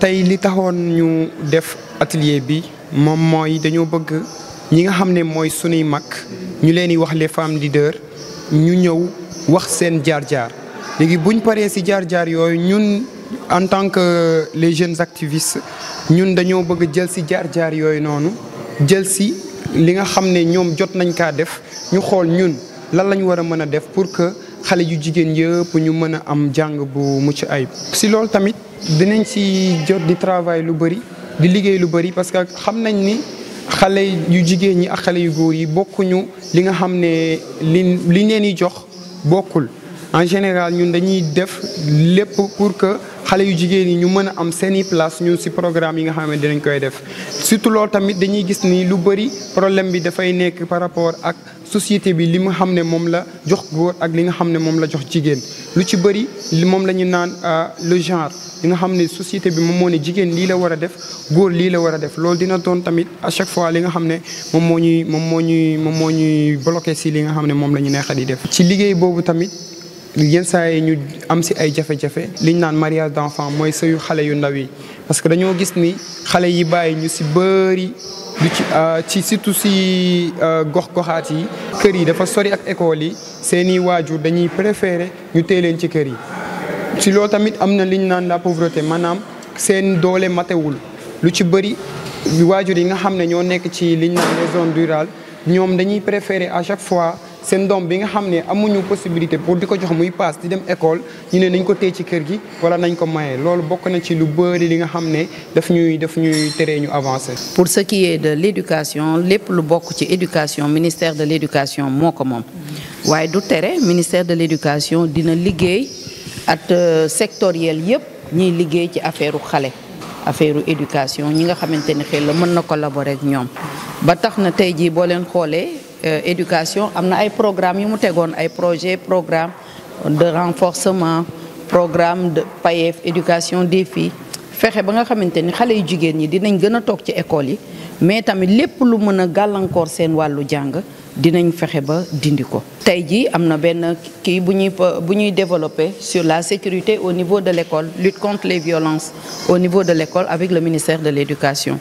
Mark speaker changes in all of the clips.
Speaker 1: tey li taxoon ñu def atelier bi moom mooy dañoo bëgg ñi nga xam ne mooy sunuy mag ñu leen di wax les femmes leaders ñu ñëw wax seen jaar-jaar léegi buñ paree ci jaar-jaar yooyu ñun en tant que les jeunes activistes ñun dañoo bëgg jël ci jaar-jaar yooyu noonu jël ci li nga xam ne ñoom jot nañ kaa def ñu xool ñun lan lañ war a mën a def pour que xale yu jigéen yëpp ñu mën a am jàng bu mucc ayib. si loolu tamit dinañ si jot di travail lu bëri di liggéey lu bëri parce que xam nañ ni xale yu jigéen ñi ak xale yu góor yi bokkuñu li nga xam ne li li leen di jox bokkul en général ñun dañuy def lépp pour que. xale yu jigéen yi ñu mën a am seen i place ñun si programme yi nga xam ne dinañ koy def surtout loolu tamit dañuy gis ni lu bëri problème bi dafay nekk par rapport ak société bi li nga xam ne moom la jox góor ak li nga xam ne moom la jox jigéen lu ci bëri li moom la ñu naan euh, le genre li nga xam ne société bi moom moo ne jigéen lii la war a def góor lii la war a def loolu dina doon tamit chaque fois li nga xam ne moom moo ñuy moom moo ñuy moom moo ñuy bloqué si li nga xam ne moom la ñu neex a di def ci liggéey boobu tamit yenn saa yi ñu am si ay jafe-jafe liñ naan mariage d'enfant mooy sëyu xale yu ndaw yi parce que dañoo gis ni xale yi bàyyi ñu si bëri du ci ah, ci surtout si ah, gox-goxaat yi kër yi dafa sori ak école yi seeni waajur dañuy préféré ñu tee leen ci kër yi si loo tamit am na liñ naan la pauvreté maanaam seen doole matewul lu ci bëri waajur yi nga xam ne ñoo nekk ci liñ naan les zones ñoom dañuy préféré à chaque fois seen doom bi nga xam ne amuñu possibilité pour di ko jox muy paas di dem école ñu ne nañ ko téye ci kër gi wala nañ ko maye loolu bokk na ci lu bëri li nga xam ne daf ñuy daf ñuy tere ñu avancer.
Speaker 2: pour ce qui est de l' lépp lu bokk ci éducation ministère de l' éducation moo ko moom waaye du tere ministère de l' éducation dina liggéey at euh, sectoriel yëpp ñuy liggéey ci affaire xale. affaire éducation ñi nga xamante ni xel la mën na collaborer ak ñoom ba tax Euh, éducation am na ay programmes yu mu tegoon ay projet programme de renforcement programme de PAEF éducation des filles fexe ba nga xamante ni xale yu jigéen ñi dinañ gën a toog ci école yi mais tamit lépp lu mën a gàllankoor seen wàllu jàng dinañ fexe ba dindi ko. tey jii am na benn kii bu ñuy bu ñuy développé sur la sécurité au niveau de lécole école lutte contre les violences au niveau de l' école avec le ministère de l' éducation.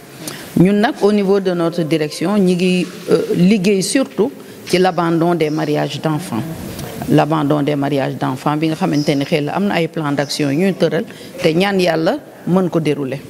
Speaker 2: ñun nag au niveau de notre direction ñi ngi euh, liggéey surtout ci l'abandon des mariages d'enfants l'abandon des mariages d'enfants bi nga xamante ni xëy la am na ay plan d'action yu ñu tëral te ñaan yàlla mën ko dérouler